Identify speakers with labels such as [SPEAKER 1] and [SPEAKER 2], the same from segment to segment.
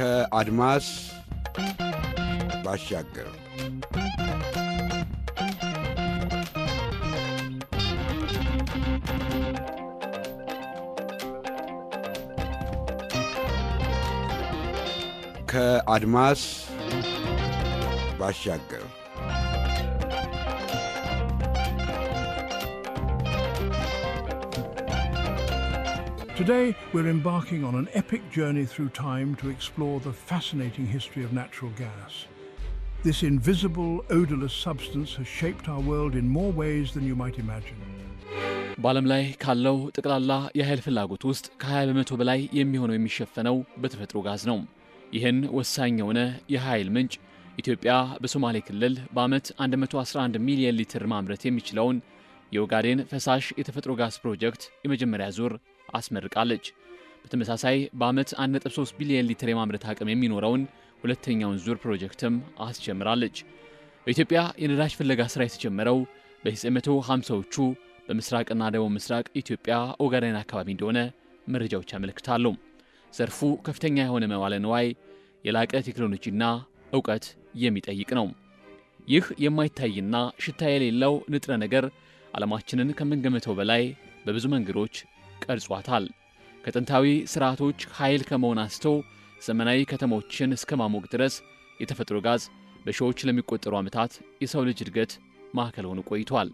[SPEAKER 1] ከአድማስ ባሻገር ከአድማስ ባሻገር
[SPEAKER 2] Today, we're embarking on an epic journey through time to explore the fascinating history of natural gas. This invisible, odorless substance has shaped our world in more ways than you might imagine.
[SPEAKER 3] በዓለም ላይ ካለው ጠቅላላ የኃይል ፍላጎት ውስጥ ከ20 በመቶ በላይ የሚሆነው የሚሸፈነው በተፈጥሮ ጋዝ ነው። ይህን ወሳኝ የሆነ የኃይል ምንጭ ኢትዮጵያ በሶማሌ ክልል በዓመት 111 ሚሊዮን ሊትር ማምረት የሚችለውን የኦጋዴን ፈሳሽ የተፈጥሮ ጋዝ ፕሮጀክት የመጀመሪያ ዙር አስመርቃለች። በተመሳሳይ በዓመት 1.3 ቢሊዮን ሊትር የማምረት አቅም የሚኖረውን ሁለተኛውን ዙር ፕሮጀክትም አስጀምራለች። በኢትዮጵያ የነዳጅ ፍለጋ ስራ የተጀመረው በ1950ዎቹ በምስራቅና ደቡብ ምስራቅ ኢትዮጵያ ኦጋዴን አካባቢ እንደሆነ መረጃዎች ያመለክታሉ። ዘርፉ ከፍተኛ የሆነ መዋለ ንዋይ፣ የላቀ ቴክኖሎጂና እውቀት የሚጠይቅ ነው። ይህ የማይታይና ሽታ የሌለው ንጥረ ነገር ዓለማችንን ከምንገምተው በላይ በብዙ መንገዶች ቀርጿታል። ከጥንታዊ ስርዓቶች ኃይል ከመሆን አንስቶ ዘመናዊ ከተሞችን እስከ ማሞቅ ድረስ የተፈጥሮ ጋዝ በሺዎች ለሚቆጠሩ ዓመታት የሰው ልጅ እድገት ማዕከል ሆኖ ቆይቷል።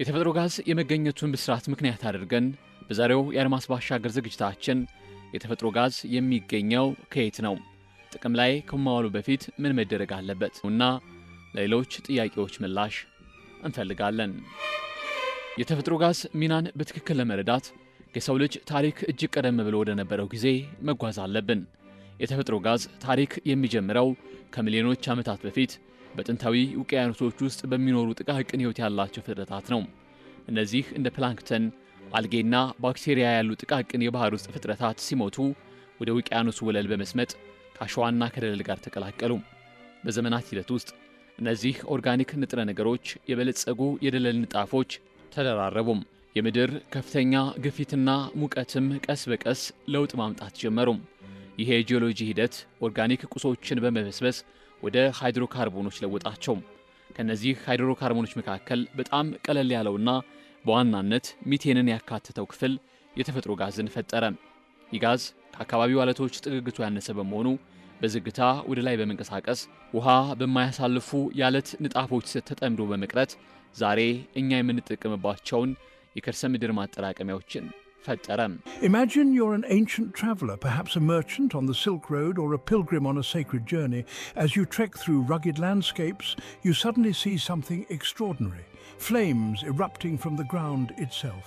[SPEAKER 3] የተፈጥሮ ጋዝ የመገኘቱን ብስራት ምክንያት አድርገን በዛሬው የአድማስ ባሻገር ዝግጅታችን የተፈጥሮ ጋዝ የሚገኘው ከየት ነው? ጥቅም ላይ ከማዋሉ በፊት ምን መደረግ አለበት? እና ለሌሎች ጥያቄዎች ምላሽ እንፈልጋለን። የተፈጥሮ ጋዝ ሚናን በትክክል ለመረዳት የሰው ልጅ ታሪክ እጅግ ቀደም ብሎ ወደ ነበረው ጊዜ መጓዝ አለብን። የተፈጥሮ ጋዝ ታሪክ የሚጀምረው ከሚሊዮኖች ዓመታት በፊት በጥንታዊ ውቅያኖሶች ውስጥ በሚኖሩ ጥቃቅን ሕይወት ያላቸው ፍጥረታት ነው። እነዚህ እንደ ፕላንክተን፣ አልጌና ባክቴሪያ ያሉ ጥቃቅን የባህር ውስጥ ፍጥረታት ሲሞቱ ወደ ውቅያኖሱ ወለል በመስመጥ ከአሸዋና ከደለል ጋር ተቀላቀሉ። በዘመናት ሂደት ውስጥ እነዚህ ኦርጋኒክ ንጥረ ነገሮች የበለጸጉ የደለል ንጣፎች ተደራረቡም። የምድር ከፍተኛ ግፊትና ሙቀትም ቀስ በቀስ ለውጥ ማምጣት ጀመሩም። ይሄ የጂኦሎጂ ሂደት ኦርጋኒክ ቁሶችን በመበስበስ ወደ ሃይድሮካርቦኖች ለወጣቸው። ከነዚህ ሃይድሮካርቦኖች መካከል በጣም ቀለል ያለውና በዋናነት ሚቴንን ያካተተው ክፍል የተፈጥሮ ጋዝን ፈጠረ። ይህ ጋዝ ከአካባቢው አለቶች ጥግግቱ ያነሰ በመሆኑ በዝግታ ወደ ላይ በመንቀሳቀስ ውሃ በማያሳልፉ የአለት ንጣፎች ተጠምዶ በመቅረት ዛሬ እኛ የምንጠቀምባቸውን የከርሰ ምድር ማጠራቀሚያዎችን ፈጠረ።
[SPEAKER 2] Imagine you're an ancient traveler, perhaps a merchant on the Silk Road or a pilgrim on a sacred journey. As you trek through rugged landscapes, you suddenly see something extraordinary, flames erupting from the ground itself.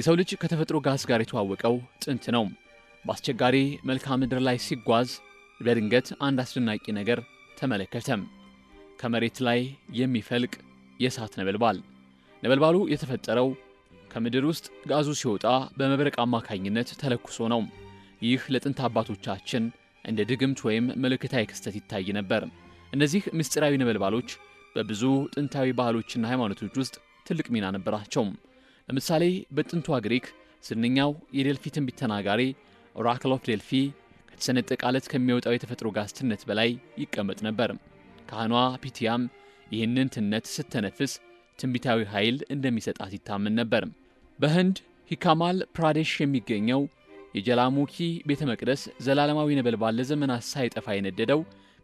[SPEAKER 3] የሰው ልጅ ከተፈጥሮ ጋዝ ጋር የተዋወቀው ጥንት ነው። በአስቸጋሪ መልክዓ ምድር ላይ ሲጓዝ በድንገት አንድ አስደናቂ ነገር ተመለከተም። ከመሬት ላይ የሚፈልቅ የእሳት ነበልባል። ነበልባሉ የተፈጠረው ከምድር ውስጥ ጋዙ ሲወጣ በመብረቅ አማካኝነት ተለኩሶ ነው። ይህ ለጥንት አባቶቻችን እንደ ድግምት ወይም ምልክታዊ ክስተት ይታይ ነበር። እነዚህ ምስጢራዊ ነበልባሎች በብዙ ጥንታዊ ባህሎችና ሃይማኖቶች ውስጥ ትልቅ ሚና ነበራቸው። ለምሳሌ በጥንቷ ግሪክ ስንኛው የዴልፊ ትንቢት ተናጋሪ ኦራክል ኦፍ ዴልፊ ከተሰነጠቀ አለት ከሚወጣው የተፈጥሮ ጋዝ ትነት በላይ ይቀመጥ ነበር። ካህኗ ፒቲያም ይህንን ትነት ስትነፍስ ትንቢታዊ ኃይል እንደሚሰጣት ይታመን ነበር። በህንድ ሂካማል ፕራዴሽ የሚገኘው የጀላሙኪ ቤተ መቅደስ ዘላለማዊ ነበልባል ለዘመናት ሳይጠፋ የነደደው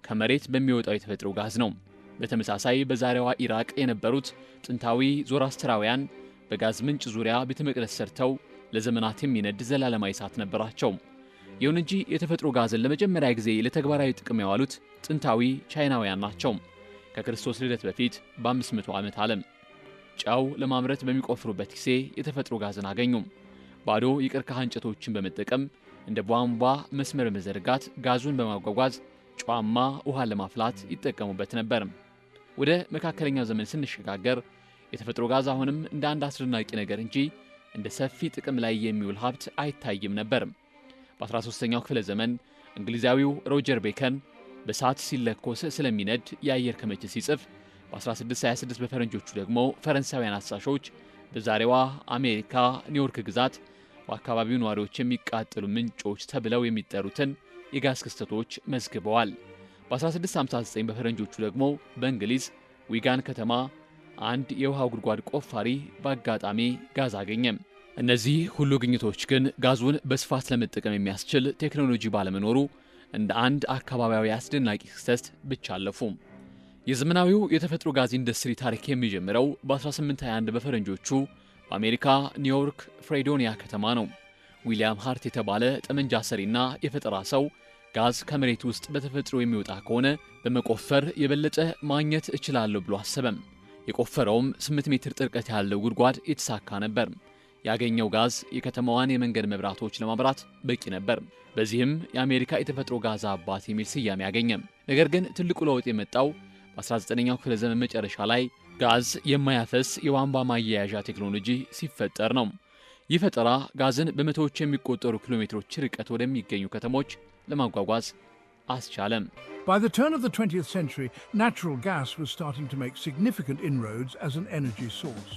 [SPEAKER 3] ከመሬት በሚወጣው የተፈጥሮ ጋዝ ነው። በተመሳሳይ በዛሬዋ ኢራቅ የነበሩት ጥንታዊ ዞራስትራውያን በጋዝ ምንጭ ዙሪያ ቤተ መቅደስ ሰርተው ለዘመናት የሚነድ ዘላለማዊ እሳት ነበራቸው። ይሁን እንጂ የተፈጥሮ ጋዝን ለመጀመሪያ ጊዜ ለተግባራዊ ጥቅም ያዋሉት ጥንታዊ ቻይናውያን ናቸው። ከክርስቶስ ልደት በፊት በ500 ዓመት ዓለም ጨው ለማምረት በሚቆፍሩበት ጊዜ የተፈጥሮ ጋዝን አገኙም። ባዶ የቀርከሃ እንጨቶችን በመጠቀም እንደ ቧንቧ መስመር መዘርጋት ጋዙን በማጓጓዝ ጨዋማ ውሃ ለማፍላት ይጠቀሙበት ነበር። ወደ መካከለኛው ዘመን ስንሸጋገር የተፈጥሮ ጋዝ አሁንም እንደ አንድ አስደናቂ ነገር እንጂ እንደ ሰፊ ጥቅም ላይ የሚውል ሀብት አይታይም ነበር። በ13ኛው ክፍለ ዘመን እንግሊዛዊው ሮጀር ቤከን በሳት ሲለኮስ ስለሚነድ የአየር ክምችት ሲጽፍ በ1626 በፈረንጆቹ ደግሞ ፈረንሳውያን አሳሾች በዛሬዋ አሜሪካ ኒውዮርክ ግዛት በአካባቢው ነዋሪዎች የሚቃጠሉ ምንጮች ተብለው የሚጠሩትን የጋዝ ክስተቶች መዝግበዋል። በ1659 በፈረንጆቹ ደግሞ በእንግሊዝ ዊጋን ከተማ አንድ የውሃ ጉድጓድ ቆፋሪ በአጋጣሚ ጋዝ አገኘም። እነዚህ ሁሉ ግኝቶች ግን ጋዙን በስፋት ለመጠቀም የሚያስችል ቴክኖሎጂ ባለመኖሩ እንደ አንድ አካባቢያዊ አስደናቂ ክስተት ብቻ አለፉም። የዘመናዊው የተፈጥሮ ጋዝ ኢንዱስትሪ ታሪክ የሚጀምረው በ1821 በፈረንጆቹ በአሜሪካ ኒውዮርክ ፍሬዶኒያ ከተማ ነው። ዊሊያም ሃርት የተባለ ጠመንጃ ሰሪና የፈጠራ ሰው ጋዝ ከመሬት ውስጥ በተፈጥሮ የሚወጣ ከሆነ በመቆፈር የበለጠ ማግኘት እችላለሁ ብሎ አሰበም። የቆፈረውም 8 ሜትር ጥልቀት ያለው ጉድጓድ የተሳካ ነበር። ያገኘው ጋዝ የከተማዋን የመንገድ መብራቶች ለማብራት በቂ ነበር። በዚህም የአሜሪካ የተፈጥሮ ጋዝ አባት የሚል ስያሜ ያገኘ። ነገር ግን ትልቁ ለውጥ የመጣው በ19ኛው ክፍለ ዘመን መጨረሻ ላይ ጋዝ የማያፈስ የቧንቧ ማያያዣ ቴክኖሎጂ ሲፈጠር ነው። ይህ ፈጠራ ጋዝን በመቶዎች የሚቆጠሩ ኪሎ ሜትሮች ርቀት ወደሚገኙ ከተሞች ለማጓጓዝ አስቻለም።
[SPEAKER 2] By the turn of the 20th century, natural gas was starting to make significant inroads as an energy source.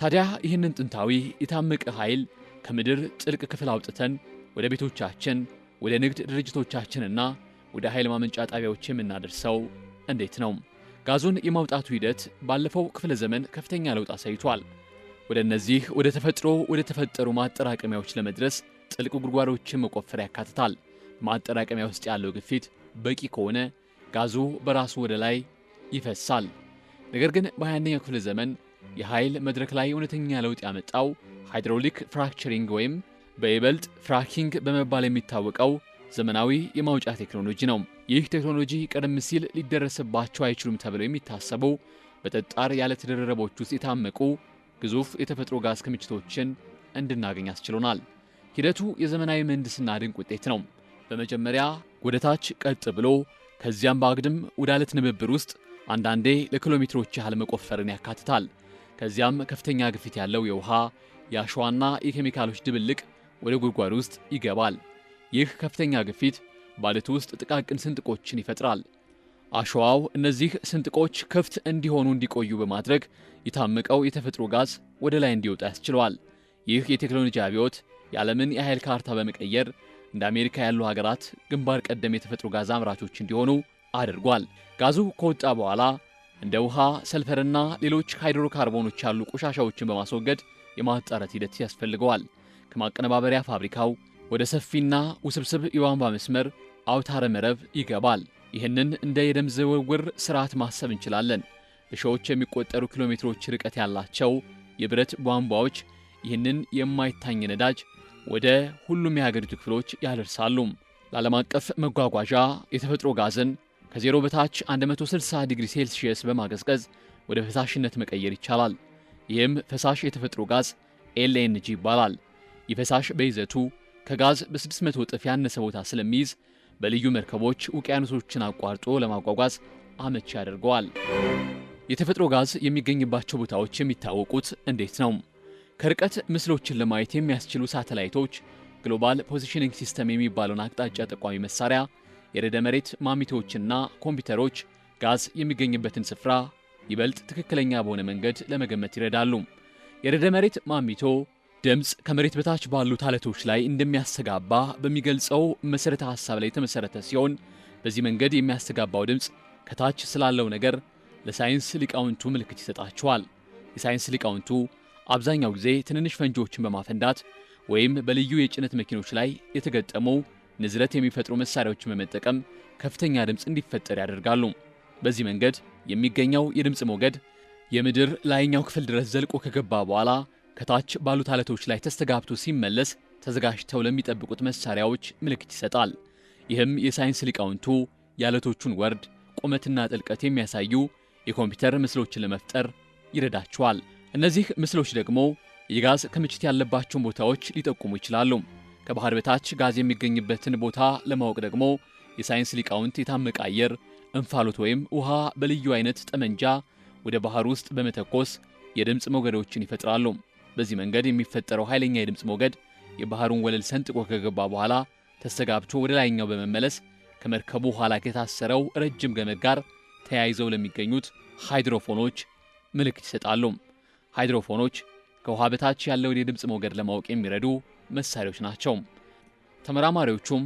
[SPEAKER 3] ታዲያ ይህንን ጥንታዊ የታመቀ ኃይል ከምድር ጥልቅ ክፍል አውጥተን ወደ ቤቶቻችን፣ ወደ ንግድ ድርጅቶቻችንና ወደ ኃይል ማመንጫ ጣቢያዎች የምናደርሰው እንዴት ነው? ጋዙን የማውጣቱ ሂደት ባለፈው ክፍለ ዘመን ከፍተኛ ለውጥ አሳይቷል። ወደ እነዚህ ወደ ተፈጥሮ ወደ ተፈጠሩ ማጠራቀሚያዎች ለመድረስ ጥልቅ ጉድጓዶችን መቆፈር ያካትታል። ማጠራቀሚያ ውስጥ ያለው ግፊት በቂ ከሆነ ጋዙ በራሱ ወደ ላይ ይፈሳል። ነገር ግን በ21ኛው ክፍለ ዘመን የኃይል መድረክ ላይ እውነተኛ ለውጥ ያመጣው ሃይድሮሊክ ፍራክቸሪንግ ወይም በይበልጥ ፍራኪንግ በመባል የሚታወቀው ዘመናዊ የማውጫ ቴክኖሎጂ ነው። ይህ ቴክኖሎጂ ቀደም ሲል ሊደረስባቸው አይችሉም ተብለው የሚታሰቡ በጠጣር ያለ ተደረረቦች ውስጥ የታመቁ ግዙፍ የተፈጥሮ ጋዝ ክምችቶችን እንድናገኝ አስችሎናል። ሂደቱ የዘመናዊ ምህንድስና ድንቅ ውጤት ነው። በመጀመሪያ ወደ ታች ቀጥ ብሎ ከዚያም በአግድም ወደ አለት ንብብር ውስጥ አንዳንዴ ለኪሎሜትሮች ያህል መቆፈርን ያካትታል። ከዚያም ከፍተኛ ግፊት ያለው የውሃ የአሸዋና የኬሚካሎች ድብልቅ ወደ ጉድጓድ ውስጥ ይገባል። ይህ ከፍተኛ ግፊት ባለቱ ውስጥ ጥቃቅን ስንጥቆችን ይፈጥራል። አሸዋው እነዚህ ስንጥቆች ክፍት እንዲሆኑ እንዲቆዩ በማድረግ የታመቀው የተፈጥሮ ጋዝ ወደ ላይ እንዲወጣ ያስችለዋል። ይህ የቴክኖሎጂ አብዮት የዓለምን የኃይል ካርታ በመቀየር እንደ አሜሪካ ያሉ ሀገራት ግንባር ቀደም የተፈጥሮ ጋዝ አምራቾች እንዲሆኑ አድርጓል። ጋዙ ከወጣ በኋላ እንደ ውሃ፣ ሰልፈርና ሌሎች ሃይድሮካርቦኖች ያሉ ቆሻሻዎችን በማስወገድ የማጣረት ሂደት ያስፈልገዋል። ከማቀነባበሪያ ፋብሪካው ወደ ሰፊና ውስብስብ የቧንቧ መስመር አውታረ መረብ ይገባል። ይህንን እንደ የደም ዝውውር ስርዓት ማሰብ እንችላለን። በሺዎች የሚቆጠሩ ኪሎሜትሮች ርቀት ያላቸው የብረት ቧንቧዎች ይህንን የማይታኝ ነዳጅ ወደ ሁሉም የሀገሪቱ ክፍሎች ያደርሳሉ። ለዓለም አቀፍ መጓጓዣ የተፈጥሮ ጋዝን ከዜሮ በታች 160 ዲግሪ ሴልሲየስ በማቀዝቀዝ ወደ ፈሳሽነት መቀየር ይቻላል። ይህም ፈሳሽ የተፈጥሮ ጋዝ ኤልኤንጂ ይባላል። ይህ ፈሳሽ በይዘቱ ከጋዝ በ600 እጥፍ ያነሰ ቦታ ስለሚይዝ በልዩ መርከቦች ውቅያኖሶችን አቋርጦ ለማጓጓዝ አመቺ ያደርገዋል። የተፈጥሮ ጋዝ የሚገኝባቸው ቦታዎች የሚታወቁት እንዴት ነው? ከርቀት ምስሎችን ለማየት የሚያስችሉ ሳተላይቶች፣ ግሎባል ፖዚሽኒንግ ሲስተም የሚባለውን አቅጣጫ ጠቋሚ መሳሪያ፣ የረደ መሬት ማሚቶዎችና ኮምፒውተሮች ጋዝ የሚገኝበትን ስፍራ ይበልጥ ትክክለኛ በሆነ መንገድ ለመገመት ይረዳሉ። የረደ መሬት ማሚቶ ድምፅ ከመሬት በታች ባሉት አለቶች ላይ እንደሚያስተጋባ በሚገልጸው መሠረተ ሐሳብ ላይ የተመሠረተ ሲሆን በዚህ መንገድ የሚያስተጋባው ድምፅ ከታች ስላለው ነገር ለሳይንስ ሊቃውንቱ ምልክት ይሰጣቸዋል። የሳይንስ ሊቃውንቱ አብዛኛው ጊዜ ትንንሽ ፈንጂዎችን በማፈንዳት ወይም በልዩ የጭነት መኪኖች ላይ የተገጠሙ ንዝረት የሚፈጥሩ መሳሪያዎችን በመጠቀም ከፍተኛ ድምፅ እንዲፈጠር ያደርጋሉ። በዚህ መንገድ የሚገኘው የድምፅ ሞገድ የምድር ላይኛው ክፍል ድረስ ዘልቆ ከገባ በኋላ ከታች ባሉት አለቶች ላይ ተስተጋብቶ ሲመለስ ተዘጋጅተው ለሚጠብቁት መሳሪያዎች ምልክት ይሰጣል። ይህም የሳይንስ ሊቃውንቱ የአለቶቹን ወርድ ቁመትና ጥልቀት የሚያሳዩ የኮምፒውተር ምስሎችን ለመፍጠር ይረዳቸዋል። እነዚህ ምስሎች ደግሞ የጋዝ ክምችት ያለባቸውን ቦታዎች ሊጠቁሙ ይችላሉ። ከባህር በታች ጋዝ የሚገኝበትን ቦታ ለማወቅ ደግሞ የሳይንስ ሊቃውንት የታመቀ አየር፣ እንፋሎት ወይም ውሃ በልዩ አይነት ጠመንጃ ወደ ባህር ውስጥ በመተኮስ የድምፅ ሞገዶችን ይፈጥራሉ። በዚህ መንገድ የሚፈጠረው ኃይለኛ የድምፅ ሞገድ የባህሩን ወለል ሰንጥቆ ከገባ በኋላ ተስተጋብቶ ወደ ላይኛው በመመለስ ከመርከቡ ኋላ ከታሰረው ረጅም ገመድ ጋር ተያይዘው ለሚገኙት ሃይድሮፎኖች ምልክት ይሰጣሉ። ሃይድሮፎኖች ከውሃ በታች ያለውን የድምፅ ሞገድ ለማወቅ የሚረዱ መሳሪያዎች ናቸው። ተመራማሪዎቹም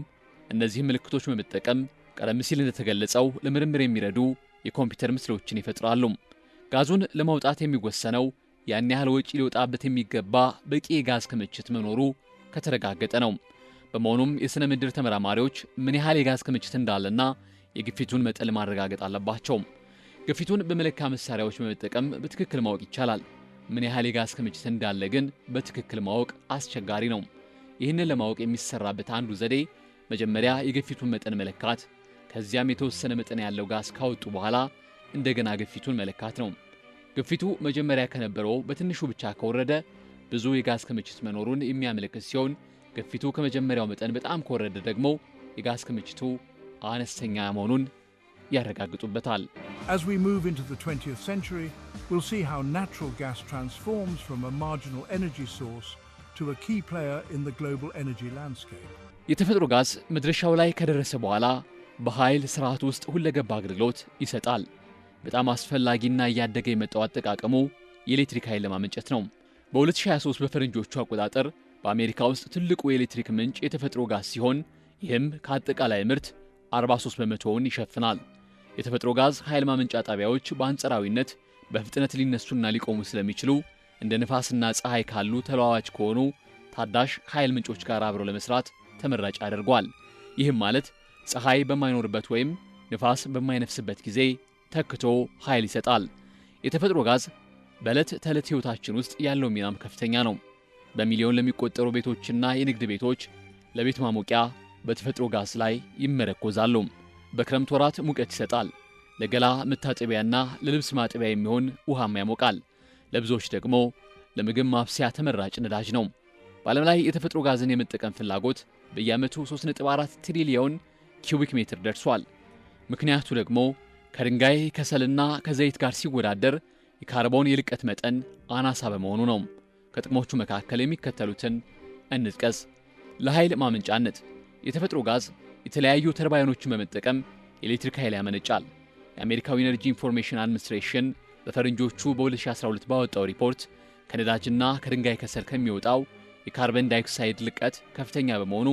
[SPEAKER 3] እነዚህም ምልክቶች በመጠቀም ቀደም ሲል እንደተገለጸው ለምርምር የሚረዱ የኮምፒውተር ምስሎችን ይፈጥራሉ። ጋዙን ለማውጣት የሚወሰነው ያን ያህል ወጪ ሊወጣበት የሚገባ በቂ የጋዝ ክምችት መኖሩ ከተረጋገጠ ነው። በመሆኑም የሥነ ምድር ተመራማሪዎች ምን ያህል የጋዝ ክምችት እንዳለና የግፊቱን መጠን ማረጋገጥ አለባቸው። ግፊቱን በመለኪያ መሳሪያዎች በመጠቀም በትክክል ማወቅ ይቻላል። ምን ያህል የጋዝ ክምችት እንዳለ ግን በትክክል ማወቅ አስቸጋሪ ነው። ይህንን ለማወቅ የሚሰራበት አንዱ ዘዴ መጀመሪያ የግፊቱን መጠን መለካት፣ ከዚያም የተወሰነ መጠን ያለው ጋዝ ካወጡ በኋላ እንደገና ግፊቱን መለካት ነው። ግፊቱ መጀመሪያ ከነበረው በትንሹ ብቻ ከወረደ ብዙ የጋዝ ክምችት መኖሩን የሚያመለክት ሲሆን ግፊቱ ከመጀመሪያው መጠን በጣም ከወረደ ደግሞ የጋዝ ክምችቱ አነስተኛ መሆኑን ያረጋግጡበታል። የተፈጥሮ ጋዝ መድረሻው ላይ ከደረሰ በኋላ በኃይል ስርዓት ውስጥ ሁለገባ አገልግሎት ይሰጣል። በጣም አስፈላጊና እያደገ የመጣው አጠቃቀሙ የኤሌክትሪክ ኃይል ለማመንጨት ነው። በ2023 በፈረንጆቹ አቆጣጠር በአሜሪካ ውስጥ ትልቁ የኤሌክትሪክ ምንጭ የተፈጥሮ ጋዝ ሲሆን ይህም ከአጠቃላይ ምርት 43 በመቶውን ይሸፍናል። የተፈጥሮ ጋዝ ኃይል ማመንጫ ጣቢያዎች በአንጻራዊነት በፍጥነት ሊነሱና ሊቆሙ ስለሚችሉ እንደ ንፋስና ፀሐይ ካሉ ተለዋዋጭ ከሆኑ ታዳሽ ኃይል ምንጮች ጋር አብረው ለመስራት ተመራጭ አድርጓል። ይህም ማለት ፀሐይ በማይኖርበት ወይም ንፋስ በማይነፍስበት ጊዜ ተክቶ ኃይል ይሰጣል። የተፈጥሮ ጋዝ በዕለት ተዕለት ሕይወታችን ውስጥ ያለው ሚናም ከፍተኛ ነው። በሚሊዮን ለሚቆጠሩ ቤቶችና የንግድ ቤቶች ለቤት ማሞቂያ በተፈጥሮ ጋዝ ላይ ይመረኮዛሉ። በክረምት ወራት ሙቀት ይሰጣል። ለገላ መታጠቢያና ለልብስ ማጠቢያ የሚሆን ውሃም ያሞቃል። ለብዙዎች ደግሞ ለምግብ ማብሰያ ተመራጭ ነዳጅ ነው። በዓለም ላይ የተፈጥሮ ጋዝን የመጠቀም ፍላጎት በየዓመቱ 3.4 ትሪሊዮን ኪዩቢክ ሜትር ደርሷል። ምክንያቱ ደግሞ ከድንጋይ ከሰልና ከዘይት ጋር ሲወዳደር የካርቦን የልቀት መጠን አናሳ በመሆኑ ነው። ከጥቅሞቹ መካከል የሚከተሉትን እንጥቀስ። ለኃይል ማመንጫነት የተፈጥሮ ጋዝ የተለያዩ ተርባይኖችን በመጠቀም ኤሌክትሪክ ኃይል ያመነጫል። የአሜሪካው ኢነርጂ ኢንፎርሜሽን አድሚኒስትሬሽን በፈረንጆቹ በ2012 ባወጣው ሪፖርት ከነዳጅና ከድንጋይ ከሰል ከሚወጣው የካርበን ዳይኦክሳይድ ልቀት ከፍተኛ በመሆኑ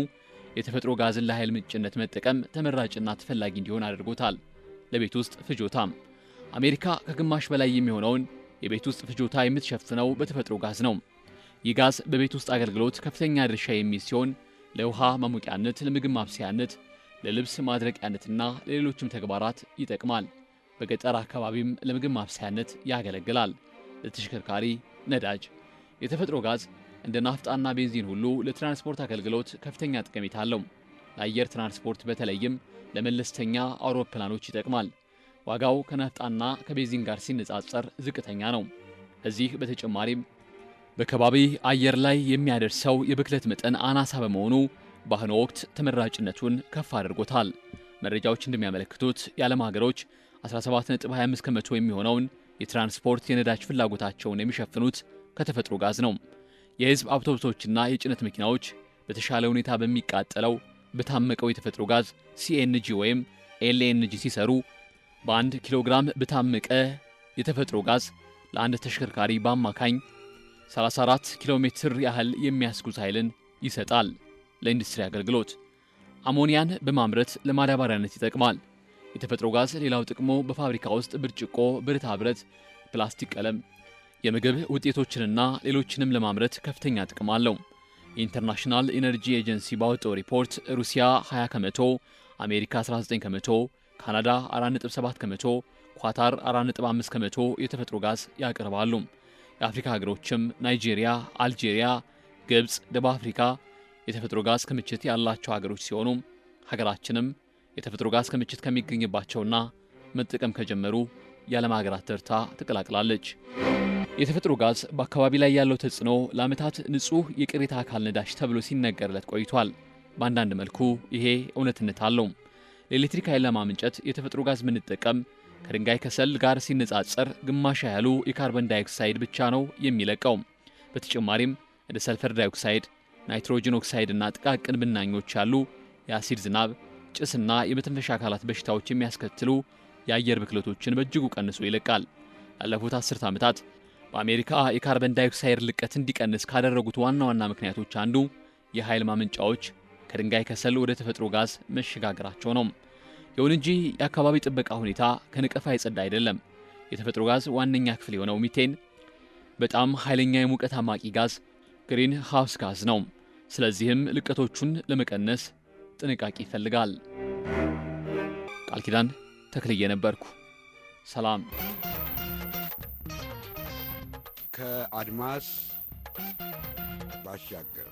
[SPEAKER 3] የተፈጥሮ ጋዝን ለኃይል ምንጭነት መጠቀም ተመራጭና ተፈላጊ እንዲሆን አድርጎታል። ለቤት ውስጥ ፍጆታ አሜሪካ ከግማሽ በላይ የሚሆነውን የቤት ውስጥ ፍጆታ የምትሸፍነው በተፈጥሮ ጋዝ ነው። ይህ ጋዝ በቤት ውስጥ አገልግሎት ከፍተኛ ድርሻ የሚይዝ ሲሆን ለውሃ ማሞቂያነት፣ ለምግብ ማብሰያነት፣ ለልብስ ማድረቂያነትና ለሌሎችም ተግባራት ይጠቅማል። በገጠር አካባቢም ለምግብ ማብሰያነት ያገለግላል። ለተሽከርካሪ ነዳጅ የተፈጥሮ ጋዝ እንደ ናፍጣና ቤንዚን ሁሉ ለትራንስፖርት አገልግሎት ከፍተኛ ጠቀሜታ አለው። ለአየር ትራንስፖርት በተለይም ለመለስተኛ አውሮፕላኖች ይጠቅማል። ዋጋው ከናፍጣና ከቤዚን ጋር ሲነጻጸር ዝቅተኛ ነው። እዚህ በተጨማሪም በከባቢ አየር ላይ የሚያደርሰው የብክለት መጠን አናሳ በመሆኑ በአሁኑ ወቅት ተመራጭነቱን ከፍ አድርጎታል። መረጃዎች እንደሚያመለክቱት የዓለም ሀገሮች 17.25 ከመቶ የሚሆነውን የትራንስፖርት የነዳጅ ፍላጎታቸውን የሚሸፍኑት ከተፈጥሮ ጋዝ ነው። የህዝብ አውቶቡሶችና የጭነት መኪናዎች በተሻለ ሁኔታ በሚቃጠለው በታመቀው የተፈጥሮ ጋዝ ሲኤንጂ ወይም ኤልኤንጂ ሲሰሩ በአንድ ኪሎ ግራም በታመቀ የተፈጥሮ ጋዝ ለአንድ ተሽከርካሪ በአማካኝ 34 ኪሎ ሜትር ያህል የሚያስጉዝ ኃይልን ይሰጣል። ለኢንዱስትሪ አገልግሎት አሞኒያን በማምረት ለማዳበሪያነት ይጠቅማል። የተፈጥሮ ጋዝ ሌላው ጥቅሞ በፋብሪካ ውስጥ ብርጭቆ፣ ብረታ ብረት፣ ፕላስቲክ፣ ቀለም፣ የምግብ ውጤቶችንና ሌሎችንም ለማምረት ከፍተኛ ጥቅም አለው። የኢንተርናሽናል ኢነርጂ ኤጀንሲ ባወጣው ሪፖርት ሩሲያ 20 ከመቶ፣ አሜሪካ 19 ከመቶ፣ ካናዳ 4.7 ከመቶ፣ ኳታር 4.5 ከመቶ የተፈጥሮ ጋዝ ያቀርባሉ። የአፍሪካ ሀገሮችም ናይጄሪያ፣ አልጄሪያ፣ ግብፅ፣ ደቡብ አፍሪካ የተፈጥሮ ጋዝ ክምችት ያላቸው ሀገሮች ሲሆኑ ሀገራችንም የተፈጥሮ ጋዝ ክምችት ከሚገኝባቸውና መጠቀም ከጀመሩ የዓለም ሀገራት ተርታ ትቀላቅላለች። የተፈጥሮ ጋዝ በአካባቢ ላይ ያለው ተጽዕኖ ለዓመታት ንጹህ የቅሪተ አካል ነዳጅ ተብሎ ሲነገርለት ቆይቷል። በአንዳንድ መልኩ ይሄ እውነትነት አለው። ለኤሌክትሪክ ኃይል ለማመንጨት የተፈጥሮ ጋዝ ምንጠቀም ከድንጋይ ከሰል ጋር ሲነጻጸር ግማሽ ያህሉ የካርበን ዳይኦክሳይድ ብቻ ነው የሚለቀው። በተጨማሪም እንደ ሰልፈር ዳይኦክሳይድ፣ ናይትሮጅን ኦክሳይድና ጥቃቅን ብናኞች ያሉ የአሲድ ዝናብ፣ ጭስና የመተንፈሻ አካላት በሽታዎች የሚያስከትሉ የአየር ብክለቶችን በእጅጉ ቀንሶ ይለቃል። ያለፉት አስርት ዓመታት በአሜሪካ የካርበን ዳይኦክሳይድ ልቀት እንዲቀንስ ካደረጉት ዋና ዋና ምክንያቶች አንዱ የኃይል ማመንጫዎች ከድንጋይ ከሰል ወደ ተፈጥሮ ጋዝ መሸጋገራቸው ነው። ይሁን እንጂ የአካባቢ ጥበቃ ሁኔታ ከንቀፋ የጸዳ አይደለም። የተፈጥሮ ጋዝ ዋነኛ ክፍል የሆነው ሚቴን በጣም ኃይለኛ የሙቀት አማቂ ጋዝ ግሪን ሃውስ ጋዝ ነው። ስለዚህም ልቀቶቹን ለመቀነስ ጥንቃቄ ይፈልጋል። ቃል ኪዳን ተክልዬ ነበርኩ። ሰላም።
[SPEAKER 1] ከአድማስ ባሻገር